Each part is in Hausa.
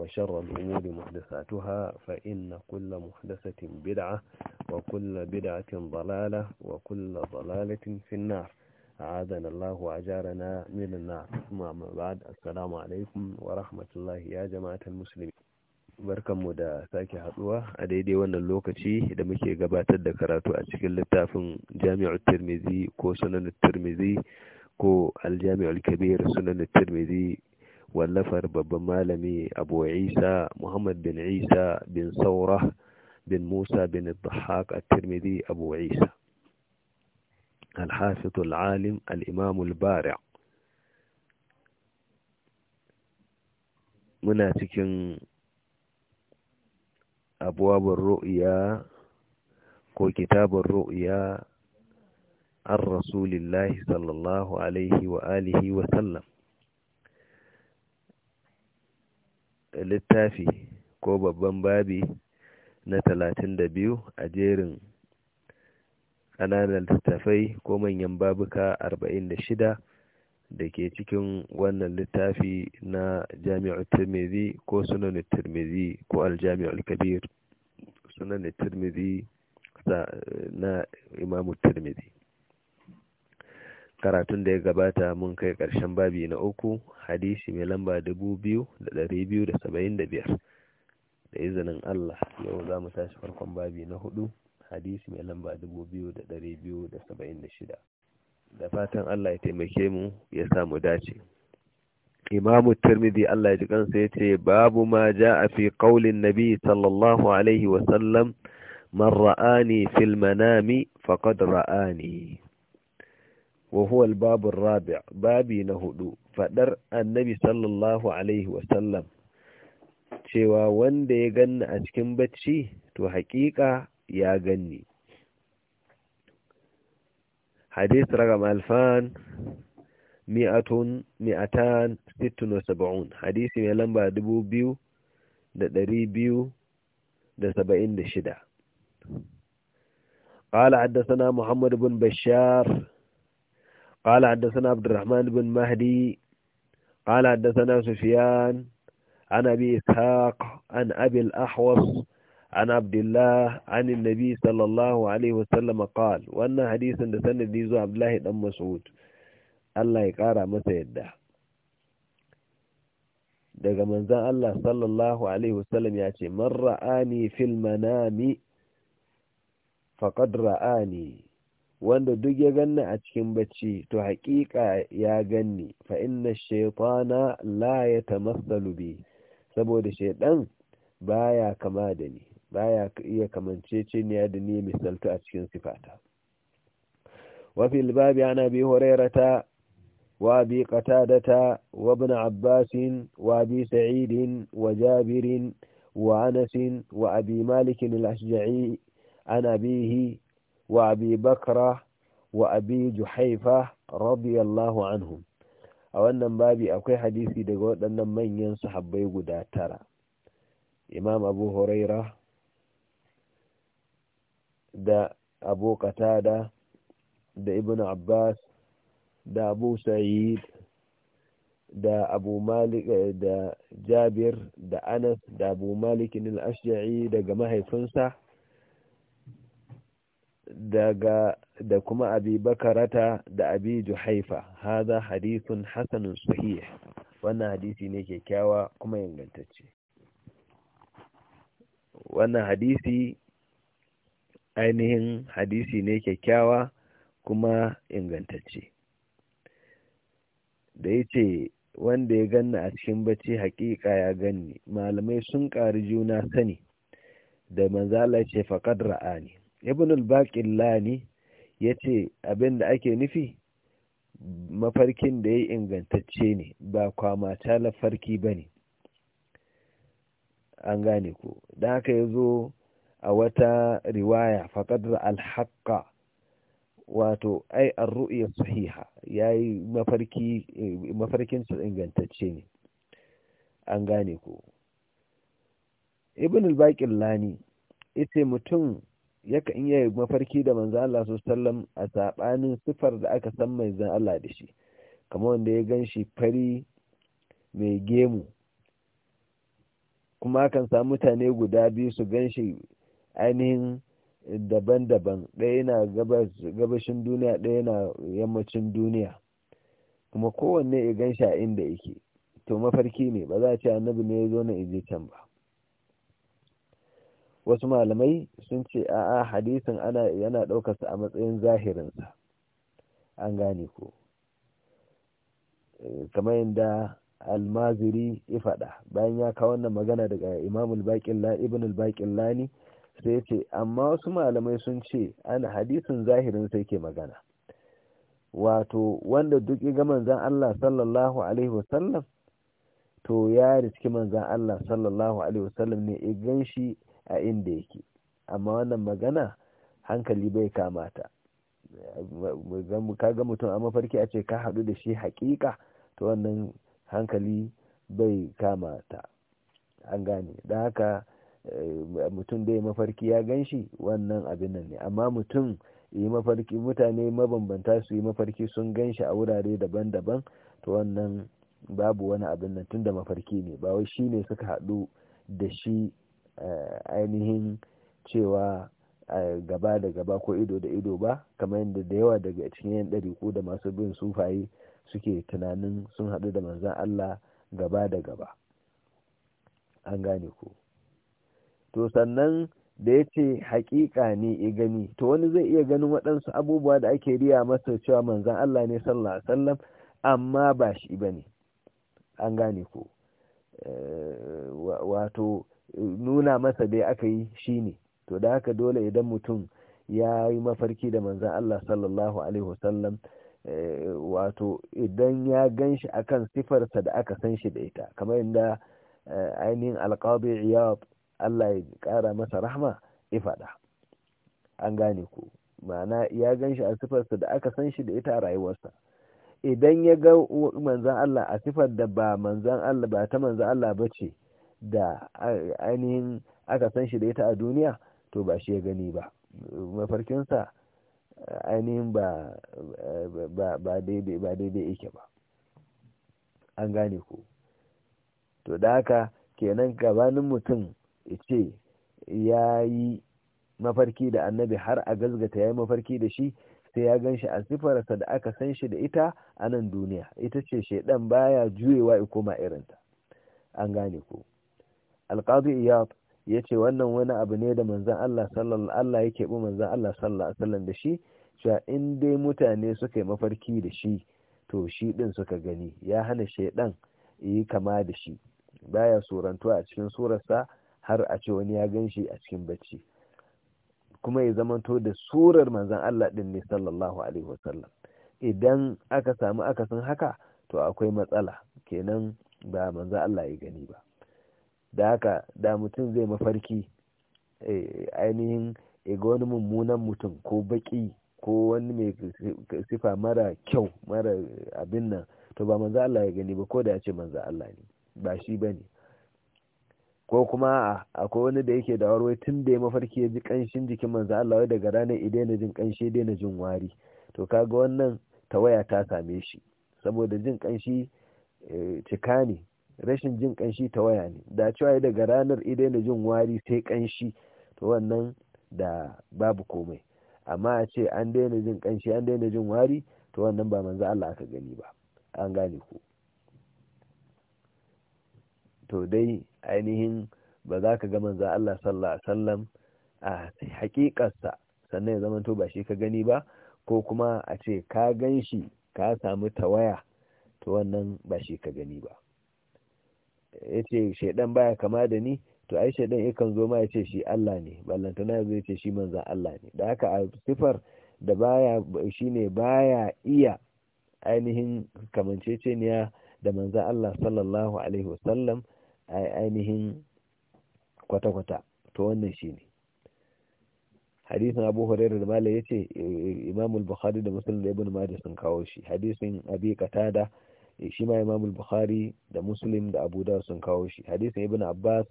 وشر الأمور محدثاتها فإن كل محدثة بدعة وكل بدعة ضلالة وكل ضلالة في النار أعاذنا الله وأجارنا من النار ثم بعد السلام عليكم ورحمة الله يا جماعة المسلمين barkanmu da sake haduwa a daidai wannan lokaci da muke gabatar da karatu a cikin littafin jami'ar tirmizi ko sunan tirmizi ko aljami'ar kabir sunan tirmizi wallafar babban malami abu isa muhammad bin isa bin saura bin musa bin dhahaq at-tirmidhi abu isa الحافظ العالم الإمام البارع muna cikin abubuwan ru'ya ko kitabun ru'ya an rasulillahi sallallahu alaihi wa alihi wa sallam littafi ko babban babi na talatin da biyu a jerin ƙananan littafai ko manyan babuka arba'in da shida da ke cikin wannan littafi na jami'ar turmizi ko sunan turmizi ko aljami'ar kabir sunan turmizi na imamu turmizi karatun da ya gabata mun kai ƙarshen babi na uku hadisi mai lamba dubu biyu da ɗari biyu da saba'in da biyar da izinin Allah yau za mu tashi farkon babi na hudu hadisi mai lamba dubu biyu da ɗari biyu da saba'in da shida da fatan Allah ya taimake mu ya samu dace imamu turmidi Allah ya ji kansa ya ce babu ma ja a fi kaulin nabi sallallahu alaihi wa sallam man ra'ani fil manami faqad ra'ani wa huwa babu rabi' babi na hudu fadar annabi sallallahu alaihi wasallam cewa wanda ya ganni a cikin bacci to hakika ya ganni hadith ragam alfan mi'atun mi'atan sittin wa sab'un hadisi mai lamba dubu biyu da ɗari biyu da saba'in da shida قال حدثنا محمد بن بشار قال حدثنا عبد الرحمن بن مهدي قال حدثنا سفيان عن أبي إسحاق عن أبي الأحوص عن عبد الله عن النبي صلى الله عليه وسلم قال وأن حديثا دسند ديزو عبد الله بن مسعود الله يقارى متى يده من manzan الله صلى الله عليه وسلم ce, من رآني في المنام فقد رآني wanda duk ya ganni a cikin bacci to haƙiƙa ya ganni fa inna shaytana la tamassalu bi saboda shaydan baya kama da ni baya iya kamancece ni da ni misaltu a cikin sifata wa fil babi ana bi hurairata wa bi qatadata wa ibn abbas wa bi sa'id wa jabir wa anas wa abi malik al-ashja'i ana bihi وابي بكر وابي جحيفه رضي الله عنهم a wannan babi akwai hadisi daga waɗannan manyan sahabbai guda tara imam abu huraira da abu qatada da ibn abbas da abu sa'id da abu malik eh, da jabir da anas da abu malik al-ashja'i daga mahaifinsa daga da kuma abi bakarata da abi juhaifa haza hadithun hasanun sahih wannan hadisi ne kyakkyawa kuma ingantacce wannan hadisi ainihin hadisi ne kyakkyawa kuma ingantacce da ya wanda ya ganna a cikin bacci haƙiƙa ya ganni malamai sun ƙari juna sani da manzala ce faƙad ra'ani ibn al-baqillani yace abin da ake nufi mafarkin da ya ingantacce ne ba ta la farki bane an gane ko da haka yazo a wata riwaya faqad al-haqqa wato ai ar-ru'ya sahiha yayi mafarki mafarkin su ingantacce ne an gane ko ibn al-baqillani yace mutum yaka in yayi mafarki da manzo Allah sallallahu a sabanin sifar da aka san mai zan Allah da shi kamar wanda ya ganshi fari mai gemu kuma kan samu mutane guda biyu su ganshi ainihin daban-daban ɗaya yana gabashin duniya ɗaya yana yammacin duniya kuma kowanne ya ganshi a inda yake to mafarki ne ba za a ce annabi ne ya zo na ije can ba wasu malamai sun ce a'a hadisin ana yana ɗaukarsa a matsayin zahirinsa an gane ko eh, kamar yadda almaziri ya faɗa bayan ya kawo wannan magana daga imamul baƙin ibn lani sai ya ce amma wasu malamai sun ce ana hadisin zahirin sai ke magana wato wanda duk ya ga manzan Allah sallallahu alaihi wasallam to ya riski manzan Allah sallallahu alaihi wasallam ne ya gan a inda yake amma wannan magana hankali bai kamata ka ga mutum a mafarki a ce ka hadu da shi hakika to wannan hankali bai kamata an gane da haka eh, mutum da ya mafarki ya gan shi wannan abin nan ne amma mutum yi mafarki mutane mabambanta su yi mafarki sun gan shi a wurare daban-daban to wannan babu wani abin nan tun da mafarki ne ba wai shi ne suka hadu da shi Eh, ainihin cewa eh, gaba da gaba ko ido da ido ba kamar yadda da yawa daga cikin yan ɗariƙu da masu bin sufaye suke tunanin sun haɗu da manzan Allah gaba da gaba an gane ku to sannan da ya ce haƙiƙa ne ya gani to wani zai iya ganin waɗansu abubuwa da ake riya masa cewa manzan Allah ne sallallahu amma ba shi ba ne an gane ku eh, wato nuna masa dai aka yi shi ne, to da haka dole idan mutum ya yi mafarki da manzan Allah sallallahu alaihi wasallam eh, wato idan ya gan shi akan sifarsa da aka san shi da ita kamar inda eh, ainihin alƙabi iyab Allah ya ƙara masa rahma ifada an gane ku ma'ana ya gan shi a sifarsa da aka san shi da ita a rayuwarsa idan ya ga manzan Allah a sifar da ba ba ta manzan Allah ba ce da ainihin aka san shi da ita a duniya to ba shi ya gani ba mafarkinsa ainihin ba daidai yake ba an gane ku to da haka kenan gabanin mutum ce ya yi mafarki da annabi har a gazgata ya yi mafarki da shi sai ya gan shi a sifarsa da aka san shi da ita a nan duniya ita ce shaidan baya juyewa ya koma irinta an gane ku iyab iyad ce wannan wani abu ne da manzan Allah sallallahu Allah yake bi manzan Allah sallallahu alaihi wasallam da shi cewa in dai mutane suka yi mafarki da shi to shi din suka gani ya hana shaidan yi kama da shi baya surantuwa a cikin surarsa har a ce wani ya gan shi a cikin bacci kuma ya zamanto da surar manzan Allah ɗin ne sallallahu alaihi wasallam idan aka samu akasin haka to akwai matsala kenan ba manzan Allah ya gani ba da haka da mutum zai mafarki eh, ainihin ga wani mummunan mutum ko baki ko wani mai sifa mara kyau mara abin nan to ba manzo Allah ya gani ba ko da ya ce manzo Allah ne ba shi bane ko kuma akwai wani da yake da warwai tun da ya mafarki ya ji kanshin jikin manza Allah wai daga ranar idai na jin kanshi idai na jin wari to kaga wannan tawaya ta same shi saboda jin kanshi eh, cika ne rashin jin kanshi ta waya ne da cewa daga ranar idai da jin wari sai kanshi to wannan da babu komai amma a ce an daina jin kanshi an daina jin wari to wannan ba manzo Allah aka gani ba an gane ku to dai ainihin ba za ka ga manzo Allah sallallahu alaihi wasallam a hakikarsa sannan ya zama to ba shi ka gani ba ko kuma a ce ka gan shi ka samu tawaya to wannan ba shi ka gani ba ya ce shaidan baya kama da ni to ai shaidan yakan zo ma ya ce shi Allah ne ballantana ya zo ya ce shi manzan Allah ne da haka a sifar da baya shi ne baya iya ainihin kamanceceniya da manzan Allah sallallahu alaihi wasallam ainihin kwata-kwata to wannan shi ne, hadisin abu hurairu da malai ya ce imamul bukhari da musulun da ibn majah sun kawo shi hadisin abi qatada Eh, shi ma imam bukhari da muslim da abu dawud sun kawo shi hadisin ibn abbas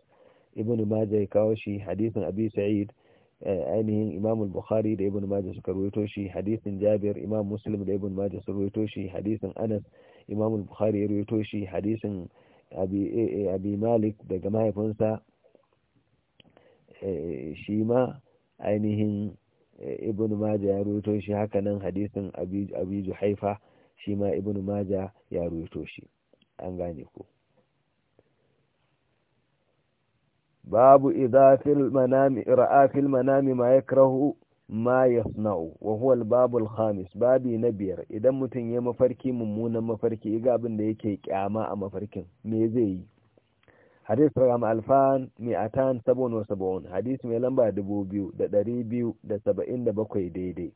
ibn majah ya kawo shi hadisin abi sa'id eh, ainihin imam bukhari da ibn majah suka rawaito shi hadisin jabir imam muslim da ibn majah suka rawaito shi hadisin anas imam bukhari ya rawaito shi hadisin eh, abi malik daga mahaifinsa shi ma ainihin ibn majah ya rawaito shi hakanan hadisin abi juhaifa shi ma ibn maja ya ruwaito shi an gane ko babu manami ra'a fil manami ma yakrahu ma yasna'u wa huwa al-babu khamis babi na biyar idan mutum ya mafarki mummunan mafarki ga abin da yake kyama a mafarkin me zai yi hadith ragam alfan mi'atan sabon wa sabon hadis mai lamba dubu biyu da dari biyu da saba'in da bakwai daidai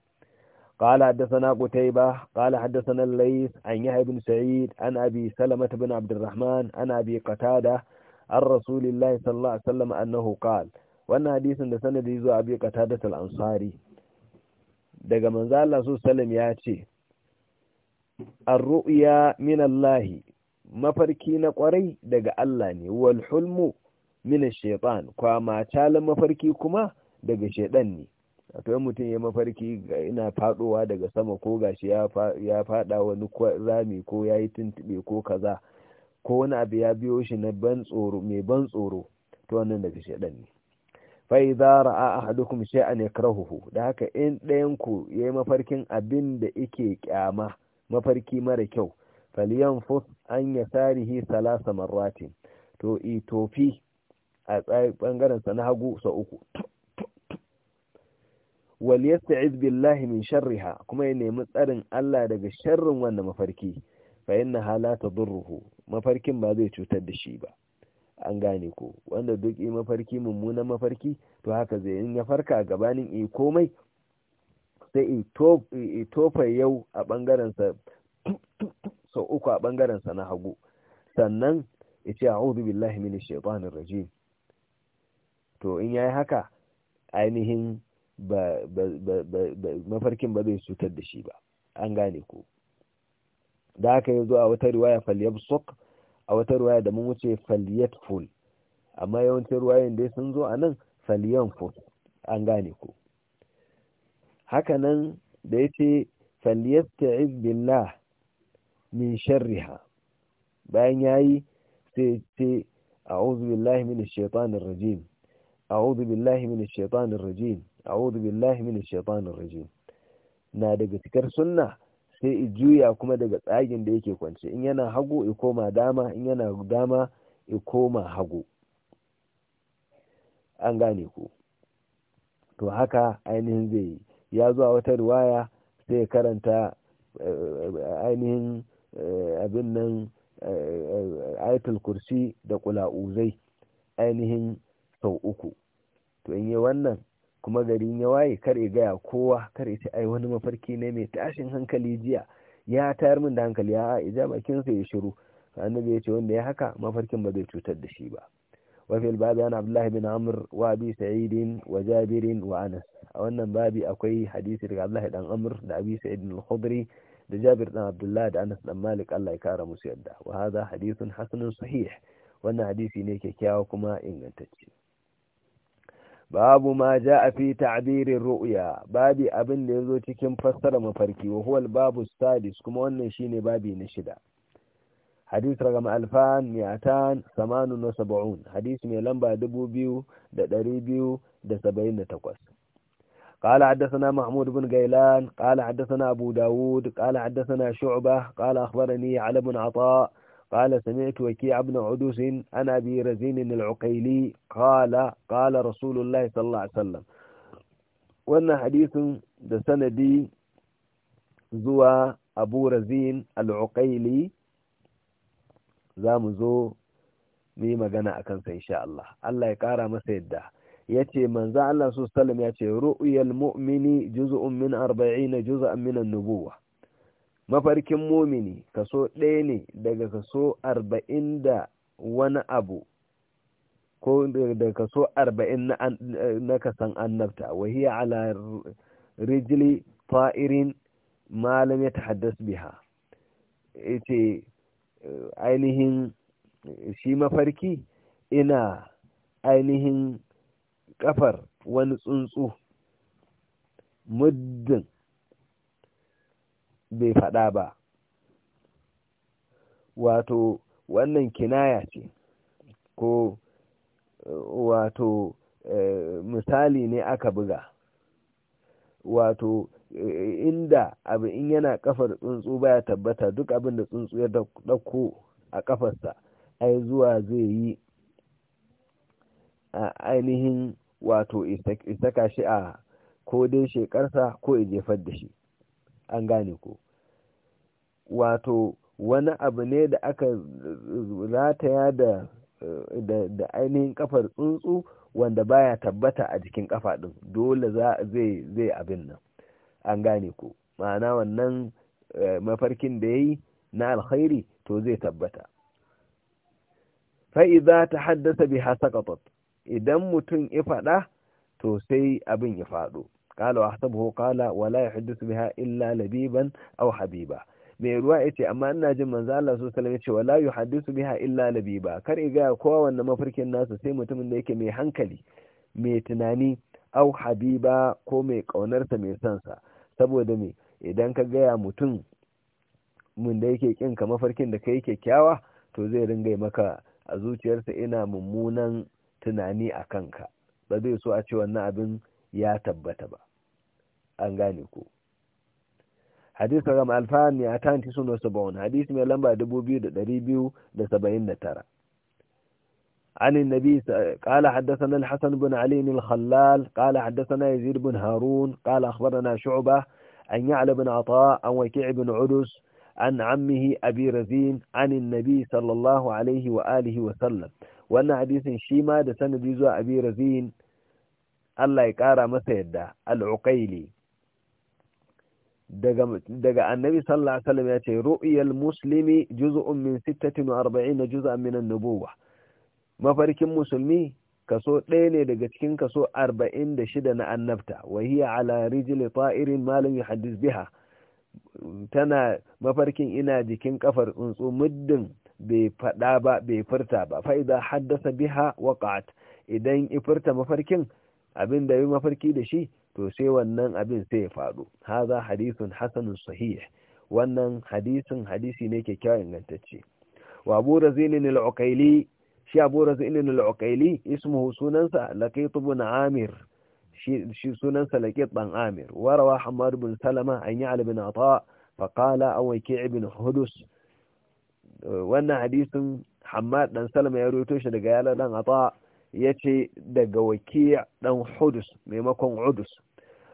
قال حدثنا قتيبة قال حدثنا الليث عن يحيى بن سعيد عن أبي سلمة بن عبد الرحمن عن أبي قتادة عن رسول الله صلى الله عليه وسلم أنه قال وأن حديث لسند يزو أبي قتادة الأنصاري daga من ذا الله صلى الله عليه ar الرؤيا من الله mafarki na kwarai daga Allah ne wal hulmu min ash-shaytan kwama mafarki kuma daga shaytan ne to yan mutum ya mafarki ga ina fadowa daga sama ko gashi ya fada wani rami ko ya yi tuntube ko kaza ko wani abu ya biyo shi na ban tsoro mai ban tsoro to wannan daga shaidan ne fa idza ra'a ahadukum shay'an yakrahuhu da haka in ɗayan ku yayi mafarkin abin da yake kyama mafarki mara kyau fus an yasarihi salasa marratin to itofi a bangaren sa na hagu sa uku wal yasta'iz billahi min sharriha kuma ya nemi tsarin Allah daga sharrin wannan mafarki fa innaha la tadurruhu mafarkin ba zai cutar da shi ba an gane ko wanda duk yi mafarki mummunan mafarki to haka zai yin ya farka gabanin i komai sai i tofa yau a bangaren sa sau uku a bangaren sa na hagu sannan ya ce a'udhu billahi minash shaitanir rajim to in yayi haka ainihin mafarkin ba zai cutar da shi ba an gane ko da haka zo a wata riwaya sok a wata riwaya da mun wuce ful amma yawancin riwayoyin dai sun zo a nan ful an gane ko haka nan da yace ta'iz billah min sharriha bayan ya yi sai ce a'udhu billahi min shaitanir rajim a'udhu billahi min shaitanir rajim a'udhu billahi minash shaitanir rajim na daga cikar sunna sai i juya kuma daga tsagin da yake kwance in yana hagu i koma dama in yana dama i koma hagu an gane ku to haka ainihin zai yi ya zuwa wata riwaya sai karanta ainihin abin nan ayatul kursi da kula'uzai ainihin sau uku to in yi wannan kuma garin ya waye kar ya gaya kowa kar ya ce ai wani mafarki ne mai tashin hankali jiya ya tayar min da hankali ya kin sai ya shiru annabi ya ce wanda ya haka mafarkin ba zai cutar da shi ba wa وفي abdullah bin amr wa abi sa'id wa jabir wa anas a wannan babi akwai hadisi daga abdullah dan Amr da Abi Sa'id al-Khudri da Jabir dan Abdullah da Anas dan Malik Allah ya kara musu yadda wa hadha hadithun hasanun sahih wannan hadisi ne kyakkyawa kuma ingantacce babu ma ja a fi ta'birin ru'ya babi abin da ya zo cikin fassara mafarki wa huwa babu sadis kuma wannan shine babi na shida hadith ragam alfan mi'atan samanu wa sab'un hadith mai lamba dubu biyu da ɗari biyu da saba'in da takwas قال حدثنا محمود بن غيلان قال حدثنا أبو داود قال حدثنا شعبة قال أخبرني على بن عطاء قال سمعت waki بن عدوس أنا أبي رزين العقيلي قال قال رسول الله صلى الله عليه وسلم وأن حديث ده سندي زوى أبو ni magana a kansa insha Allah Allah ya kara masa yadda yace manza manzo Allah su sallam ya ce ru'yal mu'mini juz'un min arba'ina juz'an min mafarkin mumini kaso ɗaya ne daga kaso arba'in da wani abu ko daga kaso arba'in na kasan annabta wahiya ala rijili fa'irin malam ya ta biha ce ainihin shi mafarki ina ainihin kafar wani tsuntsu muddin bai faɗa ba wato wannan kinaya ce ko wato eh, misali ne aka buga wato eh, inda abu in yana kafar tsuntsu baya tabbata duk abin da tsuntsu ya ɗauko a kafarsa ai zuwa zai yi a ainihin wato isaka shi a ko dai shekarsa ko ya jefar da shi an gane ko wato wani abu ne da aka rataya da da ainihin kafar tsuntsu wanda baya tabbata a jikin kafa din dole zai zai abin nan an gane ko ma'ana wannan eh, mafarkin da yayi na alkhairi to zai tabbata fa idza haddasa biha saqatat idan mutum ya faɗa to sai abin ya faɗo. قال واحسبه قال ولا يحدث بها yahdithu لبيبا illa labiban mai ruwa ya ce amma ina jin manzo Allah su salama ce wala yuhaddisu biha illa labiba kar iga kowa wannan mafarkin nasu sai mutumin da yake mai hankali mai tunani au habiba ko mai kaunarsa mai sonsa. saboda me idan ka gaya mutum mun da yake kin ka mafarkin da kai kyakkyawa to zai ringa maka a zuciyarsa ina mummunan tunani a kanka ba zai so a ce wannan abin ya tabbata ba an gane ku hadis ga mu alfan ni atan mai lamba 2279 an annabi qala hadathana alhasan ibn ali alkhallal qala hadathana yazid ibn harun qala akhbarana shu'ba an ya'la ibn ata an waki' ibn udus an ammihi abi razin an annabi sallallahu alayhi wa wa sallam wannan hadisin shi ma da sanadi zuwa abi razin Allah ya kara masa yadda al daga annabi sallallahu alaihi wasallam ya ce ru'yal muslimi juz'un min 46 juz'an min an-nubuwah mafarkin musulmi kaso ɗaya ne daga cikin kaso 46 na annabta wa hiya ala rijli ta'irin malam yuhaddis biha tana mafarkin ina jikin kafar tsuntsu muddin bai fada ba bai furta ba idza haddasa biha waqa'at idan ifurta mafarkin abin da yi mafarki da shi to sai wannan abin sai ya faɗo haza hadithun hasanun sahih wannan hadisin hadisi ne kyakkyawan ingantacce wa abu razilin al-uqayli shi abu razilin al ismuhu sunansa laqit ibn amir shi sunansa laqit dan amir wa rawa hamad ibn salama an ya'al ibn ata fa qala aw ki ibn hudus wannan hadisin hamad dan salama ya rawaito shi daga yalan dan ata yace daga wakiya dan hudus maimakon udus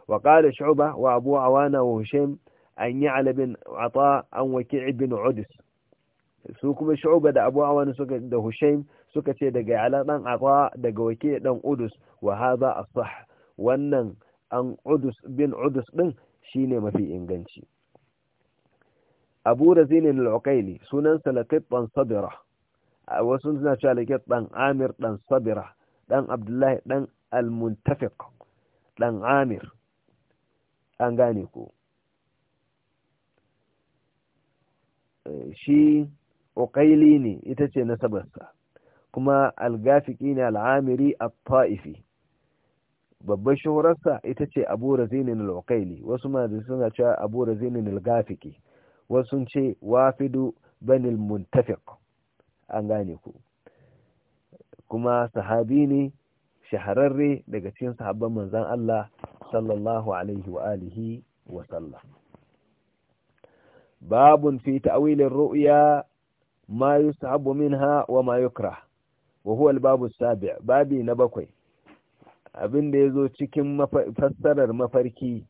وقال شعبة وأبو عوانة وهشيم أن يعلى بن عطاء أن وكيع بن عدس سوكم شعبة دا أبو عوانة سوكة دا هشيم سوكة دا على دان عطاء دا وكيع دان عدس وهذا الصح وأن أن عدس بن عدس دن شيني ما في إنجانشي أبو رزين العقيلي سنن سلقطا صبرة وسنن سلقطا عامر دان صبرة دان عبد الله دان المنتفق دان عامر an gane ko eh, shi uqaili ne ita ce nasabarsa kuma algafiki ne al'amiri a taifi babban shahurarsa ita ce abu razinin al-uqaili wasu ma suna cewa abu razinin al-gafiki wasu sun ce wafidu banil muntafiq an gane ku kuma sahabi ne shahararre daga cikin sahabban manzan Allah sallallahu alaihi wa alihi wa sallam babun fi ta'wilin ru'ya ma yusabu minha wa ma yukrah wa huwa al-babu sabi babi na bakwai abin da yazo cikin fassarar mafarki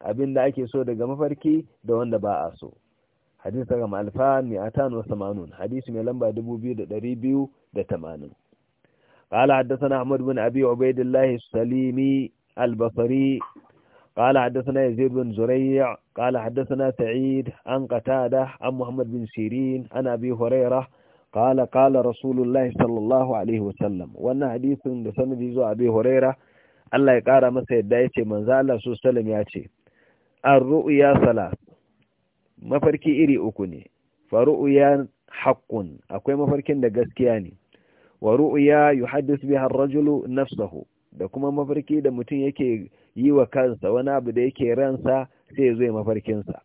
abin da ake so daga mafarki da wanda ba a so hadisi daga malfa 280 hadisi mai lamba 2280 قال حدثنا أحمد بن أبي عبيد الله السليمي البصري قال حدثنا يزيد بن زريع قال حدثنا سعيد عن قتادة عن محمد بن سيرين عن أبي هريرة قال قال رسول الله صلى الله عليه وسلم وأن حديث سند يزو أبي هريرة الله يقارى مسا يدعيتي من ذا الله صلى الله عليه وسلم يأتي الرؤيا ثلاث mafarki iri uku ne fa ru'ya haqqun akwai mafarkin da gaskiya ne wa ru'ya yuhaddith biha ar-rajulu nafsuhu da kuma mafarki da mutum yake yi wa kansa wani abu da yake ransa sai zai mafarkinsa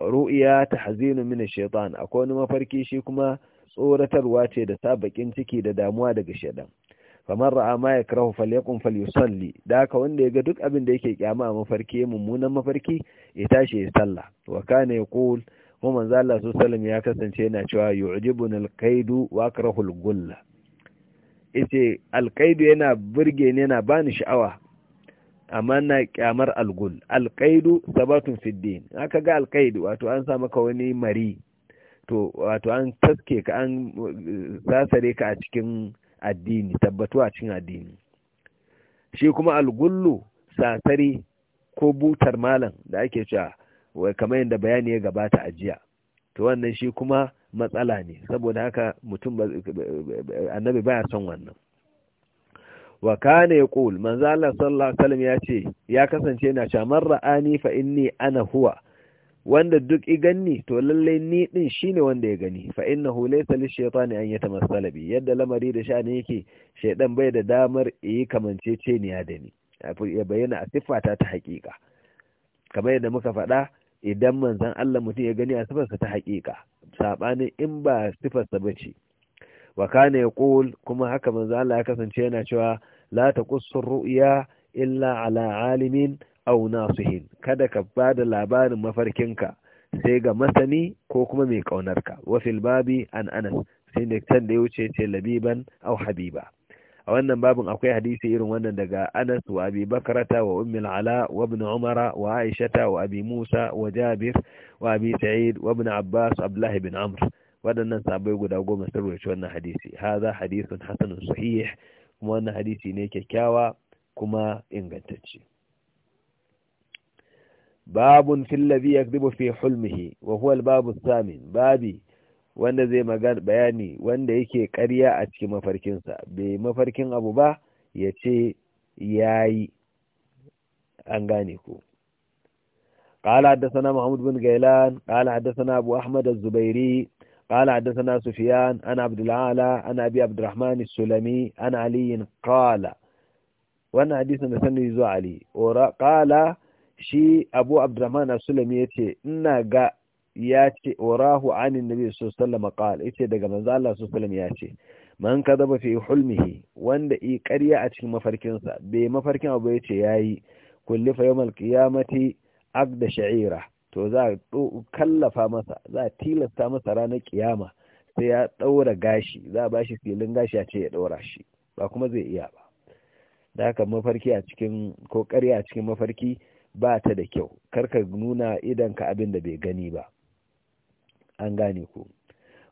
ru'iya hazinu mini shaitan akwai wani mafarki shi kuma tsoratarwa ce da sa bakin ciki da damuwa daga shaidan kamar ra'a ma ya kirahu da haka wanda ya ga duk abin da yake kyama a mafarki mummunan mafarki ya tashi ya salla wa kana Kul! kuma manzala su salim ya kasance yana cewa yu'jibuna al kaidu, wa akrahu gulla yace alkaidu yana burge ni yana bani sha'awa amma na kyamar algul alkaidu sabatun fiddin aka ga alkaidu wato an sa maka wani mari to wato an taske ka an sasare ka a cikin addini tabbatu a cikin addini shi kuma algullu sasare ko butar malam da ake cewa kamar yadda bayani ya gabata a jiya to wannan shi kuma matsala ne saboda haka mutum annabi baya son wannan wa kana yaqul manzo Allah sallallahu alaihi wasallam ya ce ya kasance na chamar ra'ani fa inni ana huwa wanda duk i ganni to lalle ni din shine wanda ya gani fa innahu laysa lishaytani an yatamassala bi yadda lamari da shani yake shaydan bai da damar yi kamance ce ni da ni ya bayyana a siffata ta haƙiƙa kamar yadda muka faɗa idan manzon Allah mutum ya gani a siffarsa ta hakika. sabanin in ba sifarsa ce wa kana yaqul kuma haka manzo Allah ya kasance yana cewa la taqussu ru'ya illa ala alimin aw nasihin kada ka bada labarin mafarkinka sai ga masani ko kuma mai kaunarka wa fil babi an anas sai da can da ya wuce ce labiban aw habiba a wannan babin akwai hadisi irin wannan daga Anas wa Abi Bakrata wa al Ala wa Ibn Umar wa Aisha wa Abi Musa wa Jabir wa Abi Sa'id wa Ibn Abbas Abdullah ibn Amr waɗannan sabai guda goma sun rawaito wannan hadisi hadha hadithun hasanun sahih kuma wannan hadisi ne kyakkyawa kuma ingantacce babun fil ladhi yakdhibu fi hulmihi wa huwa al-babu thamin babi wanda zai magana bayani wanda yake ƙarya a cikin mafarkinsa bai mafarkin abu ba ya ce ya yi an gane ku قال حدثنا محمود بن جيلان قال حدثنا أبو أحمد الزبيري قال حدثنا سفيان أنا عبد العالى أنا أبي عبد الرحمن السلمي أنا علي قال وأنا حديث نسني زو علي قال شي أبو عبد الرحمن السلمي يتي ga. ya ce warahu anin nabi sallallahu alaihi yace daga manzo Allah sallallahu ya ce man kadaba fi hulmihi wanda i ƙarya a cikin mafarkinsa bai mafarkin abu yace yayi kullifa yawmal qiyamati aqda sha'ira to za kallafa masa za tilasta masa ranar kiyama sai ya daura gashi za ba shi filin gashi a ce ya daura shi ba kuma zai iya ba da haka mafarki a cikin ko karya a cikin mafarki ba ta da kyau karka nuna idan ka abin da bai gani ba an gane ku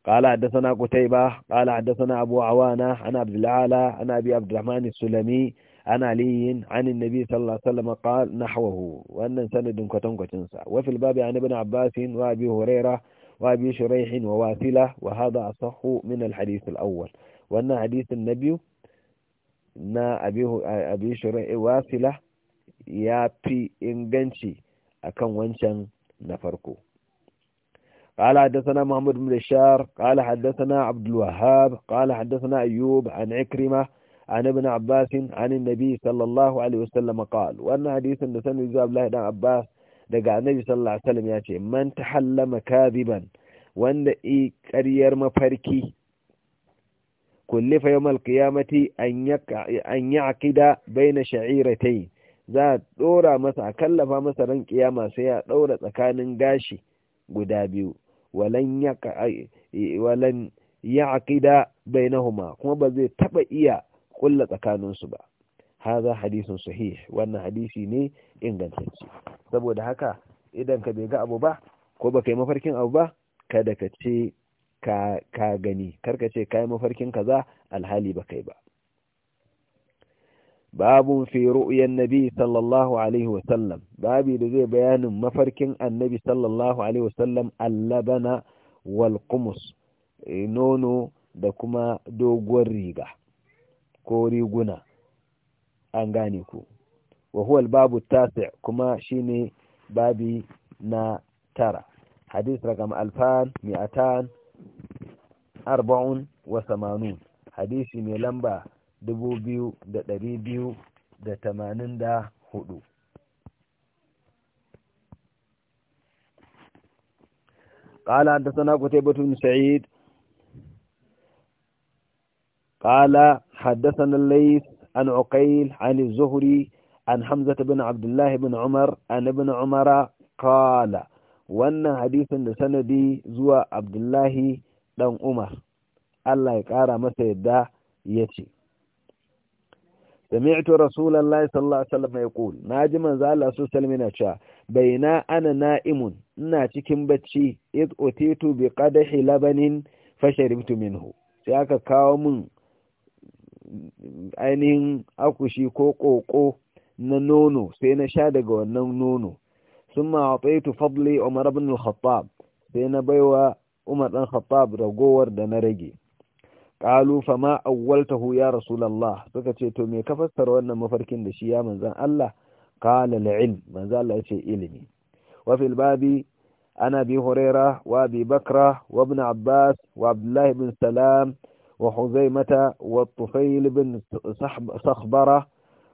قال حدثنا قتيبة قال حدثنا أبو عوانة عن عبد العالى عن أبي عبد الرحمن السلمي عن علي عن النبي صلى الله عليه وسلم قال نحوه وأن سند كتنك تنسى وفي الباب عن ابن عباس وأبي هريرة وأبي شريح وواثلة وهذا أصح من الحديث الأول وأن حديث النبي نا أبي أبي شريح واثلة يا في إنجنشي أكون وانشان نفركو قال حدثنا محمد بن بشار قال حدثنا عبد الوهاب قال حدثنا أيوب عن عكرمة عن ابن عباس عن النبي صلى الله عليه وسلم قال وأن حديث لسنة جزاب الله بن عباس دقى النبي صلى الله عليه وسلم ياتي من تحلم كاذبا وأن إي كرير مفاركي كلف يوم القيامة أن يعقد بين شعيرتين za a ɗora masa a kallafa masa ran kiyama sai ya ɗaura tsakanin gashi guda biyu walan ya aqida bainahuma kuma ba zai taba iya tsakanin tsakaninsu ba haza hadisin sahih wannan hadisi ne ingantacce saboda haka idan ka bai ga abu ba ko baka yi mafarkin abu ba kada ka ce ka gani karka ce ka yi mafarkin kaza alhali ba kai ba babu fi ru'yan nabi sallallahu alaihi da zai bayanin mafarkin annabi sallallahu alaihi wasallam allabana wal qumus e, nono da kuma doguwar riga ko riguna an gane ku wa huwa babu tasi kuma shine babi na tara hadith ragam alfan mi'atan arba'un hadisi mai lamba hudu. قال حدثنا قتيبة بن سعيد قال حدثنا الليث عن عقيل عن الزهري عن حمزة بن عبد الله بن عمر عن ابن عمر قال وانا حديث لسندي زوى عبد الله بن عمر الله يقارى مسيدا يتي sami'tu rasulullahi sallallahu alaihi wasallam yaqul naji manzo Allah su sallama cewa baina ana na'imun ina cikin bacci id utitu bi qadahi labanin fasharibtu minhu sai aka kawo min ainihin akushi ko koko na nono sai na sha daga wannan nono summa ataitu fadli umar ibn al-khattab sai na baiwa umar dan khattab ragowar da na rage kalufama fa ma awwaltahu ya rasulullah suka ce to me ka fassara wannan mafarkin da shi ya manzan Allah qala al manzan Allah yace ilimi wa fil babi ana bi huraira wa bi bakra wa ibn abbas wa salam wa huzaimata wa tufail ibn sakhbara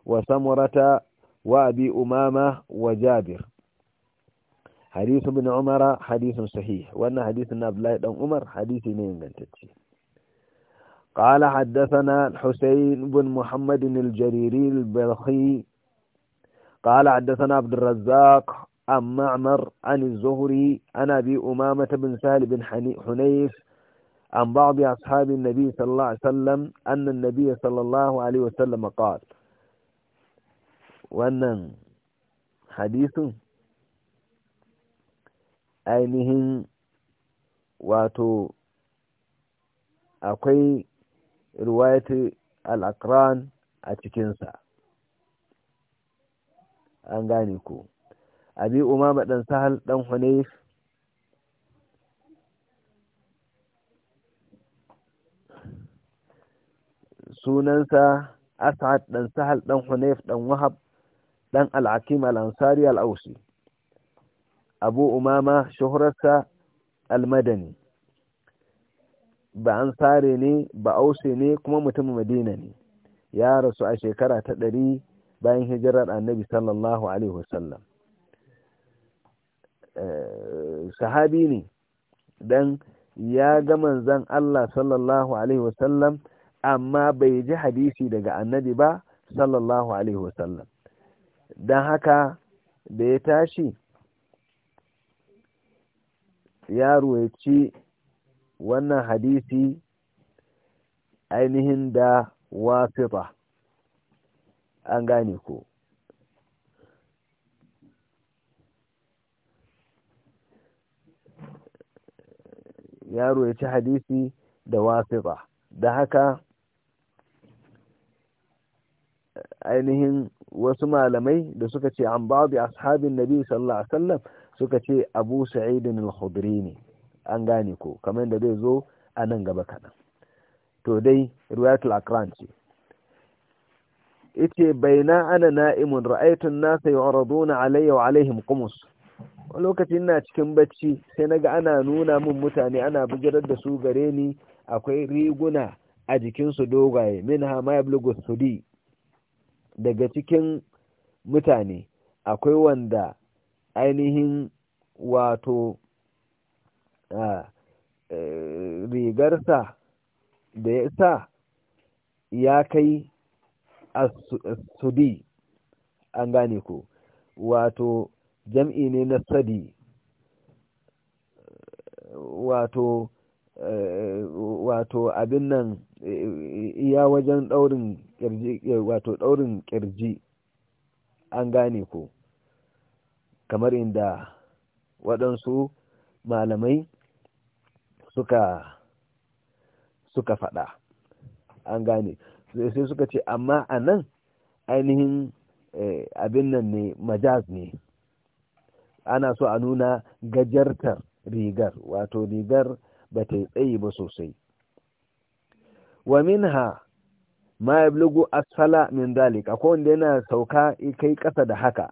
wa samurata wa abi umama wa jabir حديث ابن عمر حديث صحيح وأن حديث ابن عبد الله بن قال حدثنا الحسين بن محمد الجريري البلخي قال حدثنا عبد الرزاق عن معمر عن الزهري عن أبي أمامة بن سهل بن حنيف عن بعض أصحاب النبي صلى الله عليه وسلم أن النبي صلى الله عليه وسلم قال وأن حديث أينهم واتو أقيم riwayatu al a cikinsa an gane ko abi umama dan sahal dan hunayf sunansa as'ad ɗan sahal ɗan hunayf ɗan wahab ɗan al-akim al-ansari al-ausi abu umama shuhrarsa al-madani ba an sare ne ba ause ne kuma mutumin madina ne ya rasu a shekara ta ɗari bayan hijirar annabi sallallahu alaihi wasallam eh, sahabi ne dan ya ga manzan Allah sallallahu alaihi wasallam amma bai ji hadisi daga annabi ba sallallahu alaihi wasallam don haka da ya tashi ya ruwaci wannan hadisi ainihin da wasita an gane ko yaro ya ci hadisi da wasita da haka ainihin wasu malamai da suka ce an babu ashabin nabi sallallahu alaihi wasallam suka ce abu sa'idin al-khudri ne an gane ko kamar da zai zo a nan gaba kaɗan to dai ruwayatul akran ce ita baina ana na'imun ra'aytun nasa yu'raduna alayya wa alaihim qumus lokacin ina cikin bacci sai naga ana nuna min mutane ana bugirar da su gare ni akwai riguna a jikin su dogaye minha ma yablugu sudi daga cikin mutane akwai wanda ainihin wato Eh, rigarsa da ya sa ya kai sudi an gane ku, wato jam'i ne na sadi wato eh, wato abin nan eh, iya wajen ɗaurin ƙirji wato ɗaurin ƙirji an gane ku, kamar inda waɗansu malamai suka suka faɗa an gane sai suka ce amma a nan ainihin eh, abin nan ne majaz ne ana so a nuna gajartar rigar wato rigar ba ta yi tsayi ba sosai wa minha ma yablugu asfala min dalik akwai wanda yana sauka kai ƙasa da haka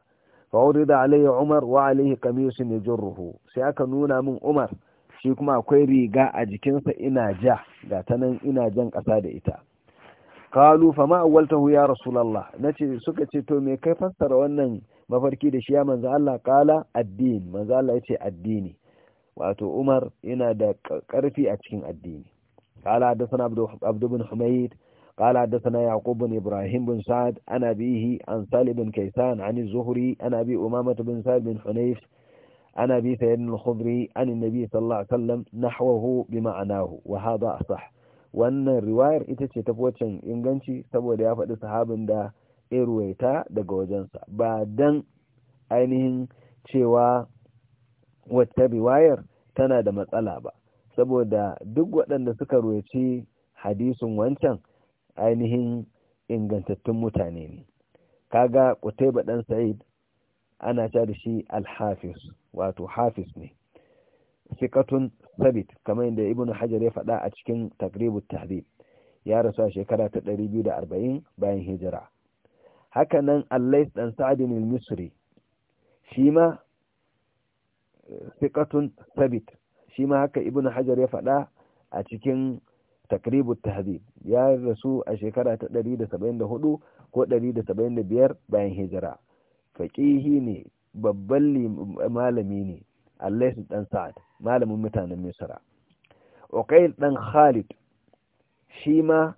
fa urida alayhi umar wa alayhi ne yajruhu sai aka nuna min umar shi kuma akwai riga a jikinsa ina ja ga ta nan ina jan ƙasa da ita kalu fa ma awwaltahu ya rasulullah nace suka ce to me kai fassara wannan mafarki da shi ya manzo Allah kala addini manzo Allah yace addini wato Umar yana da karfi a cikin addini قال حدثنا عبد bin حميد قال حدثنا يعقوب بن إبراهيم bin سعد عن أبيه عن سالم بن كيسان ani zuhri ana bi أمامة bin sa'ad bin hunayf ana bi أنا أبي سيد الخضري عن النبي صلى الله عليه وسلم riwayar ita ce أصح وأن الرواية إتتشي تفوتشن إنغانشي سبو ليافة لصحاب دا إرويتا دا ba dan ainihin cewa wata riwayar tana da matsala ba saboda duk waɗanda suka roci hadisin wancan ainihin ingantattun mutane ne kaga kutai ɗan sa'id ana ta da shi alhafis wato hafiz ne sikatun sabit kamar yadda ibn hajar ya faɗa a cikin takribu tahdib ya rasu a shekara ta 240 bayan hijira hakanan allais dan sa'adin al-misri shi ma sikatun sabit shi ma haka ibn hajar ya faɗa a cikin takribu tahdib ya rasu a shekara ta 174 ko 175 bayan hijira faƙihi ne babban malami ne allais ɗan sa'ad malamin mutanen misra uqail ɗan khalid shi ma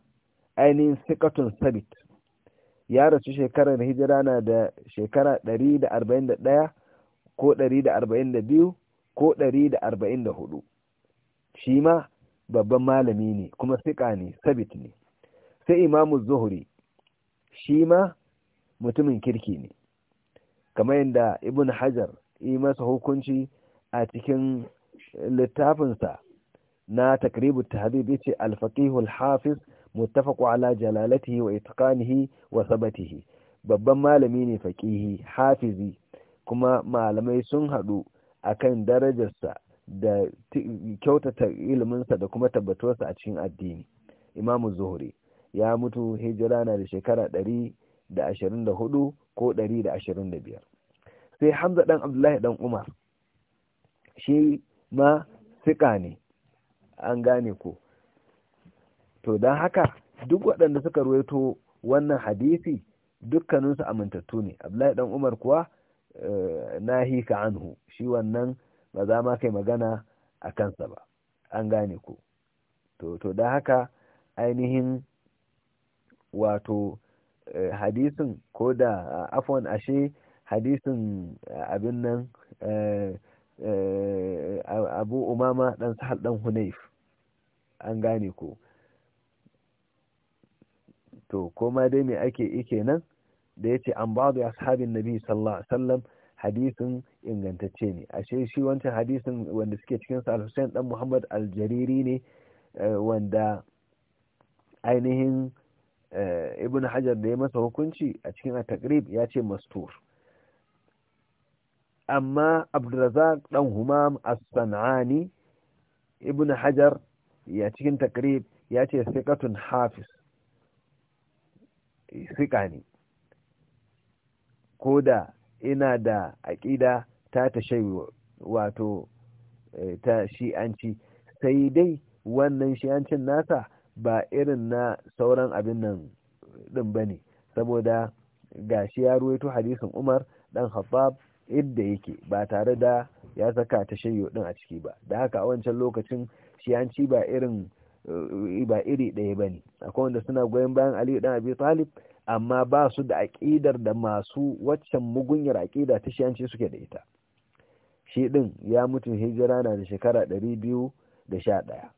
ainihin sikatun sabit ya rasu shekarar hijira na da shekara 141 ko 142 ko 144 shi ma babban malami ne kuma siƙa ne sabit ne sai imamu zuhuri shi ma mutumin kirki ne kamar yadda ibn hajar yi masa hukunci a cikin littafinsa na takribu tahdhib yace al-faqih al-hafiz muttafaqu ala jalalatihi wa itqanihi wa sabatihi babban malami ne faqihi hafizi kuma malamai sun hadu akan darajarsa da kyautata iliminsa da kuma tabbatuwarsa a cikin addini imamu zuhri ya mutu hijira na da shekara ɗari da hudu. ko da da ashirin ɗari biyar sai hamza ɗan abdullahi ɗan umar shi ma siƙa ne an gane ko to don haka duk waɗanda suka ruwaito wannan hadisi dukkaninsu amintattu ne abdullahi dan umar kuwa eh, nahi ka anhu shi wannan ba za ma kai magana a kansa ba an gane ko to to don haka ainihin wato hadisin ko da afon ashe hadisin abin nan abu umama dan sahal dan hunayf an gane ko to koma dai me ake ike nan da ya ce an ba da ashabin nabi sallallahu alaihi wasallam hadisin ingantacce ne ashe shi wancan hadisin wanda suke cikin sa al-Husain dan Muhammad al-Jariri ne eh, wanda ainihin Eh, ibn hajar da ya masa hukunci a cikin a takrib ya ce mastur amma Abdulrazak, dan humam as-sanani ibn hajar ya cikin al-takrib ya ce siqatun hafiz siqa eh, ne koda ina da aqida ta tashayu wato eh, ta shi'anci sai dai wannan shi'ancin nasa ba irin na sauran abin nan din ne saboda gashi ya ruwaito hadisin Umar dan hafab idda yake ba tare da ya saka ta shayyo din a ciki ba da haka a wancan lokacin shi an ci ba irin eh, ba iri ɗaya bane akwai wanda suna goyon bayan aliyu dan Abi Talib amma ba su da aƙidar da masu waccan mugunyar aƙida ta shiyanci suke da ita shi ɗin ya mutu hijira na da shekara ɗari biyu da sha ɗaya.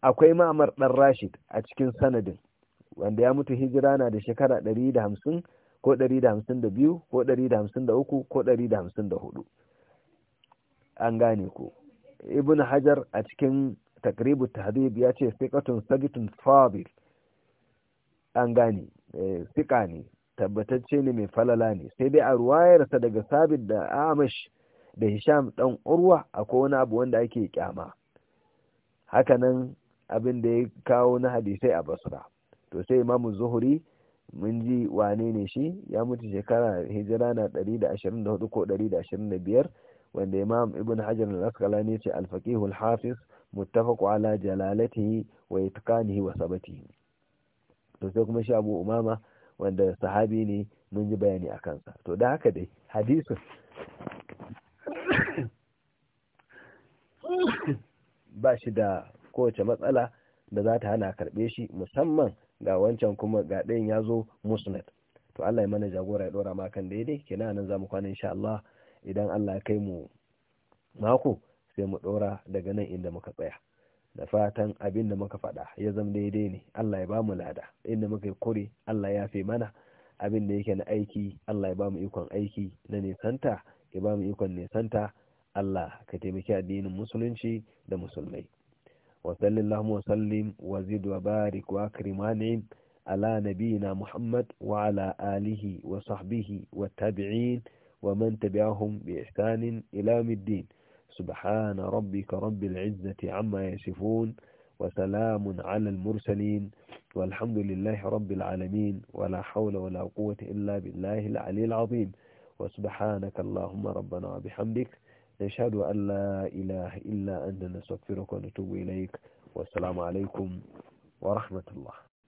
akwai ma'amar ɗan rashid a cikin sanadin wanda ya mutu hijira na da shekara ɗari da hamsin ko ɗari da da hamsin biyu ko ɗari da da hamsin uku ko ɗari da da hamsin hudu. an gane ku ibn hajar a cikin takribu tahdib ya ce fikatun Sagitun fabil an gane fika eh, ne tabbatacce ne mai falala ne sai dai a ruwayarsa daga sabit da amash da hisham dan urwa akwai wani abu wanda ake kyama hakanan abin da ya kawo na hadisai a basra to sai imamu zuhuri mun ji wane ne shi ya mutu shekara hijira na 124 ko 125 wanda imam ibn hajar al-asqalani ce al hafiz muttafaqu ala jalalatihi wa itqanihi wa sabatihi to sai kuma shi abu umama wanda sahabi ne mun ji bayani a kansa to da haka dai hadisin ba shi da kowace matsala da za ta hana karɓe shi musamman ga wancan kuma ga ɗayan ya zo musnad to Allah ya mana jagora ya ɗora makan daidai kenan nan za mu kwana insha Allah idan Allah ya kai mu mako sai mu ɗora daga nan inda muka tsaya da fatan abin da muka faɗa ya zama daidai ne Allah ya ba mu lada inda muka yi kure Allah ya fi mana abin da yake na aiki Allah ya ba mu ikon aiki na nisanta ya ba mu ikon nisanta Allah ka taimaki addinin musulunci da musulmai وصل اللهم وسلم وزد وبارك وأكرم وانعم على نبينا محمد وعلى آله وصحبه والتابعين ومن تبعهم بإحسان إلى يوم الدين سبحان ربك رب العزة عما يصفون وسلام على المرسلين والحمد لله رب العالمين ولا حول ولا قوة إلا بالله العلي العظيم وسبحانك اللهم ربنا وبحمدك نشهد أن لا إله إلا أننا نستغفرك ونتوب إليك والسلام عليكم ورحمة الله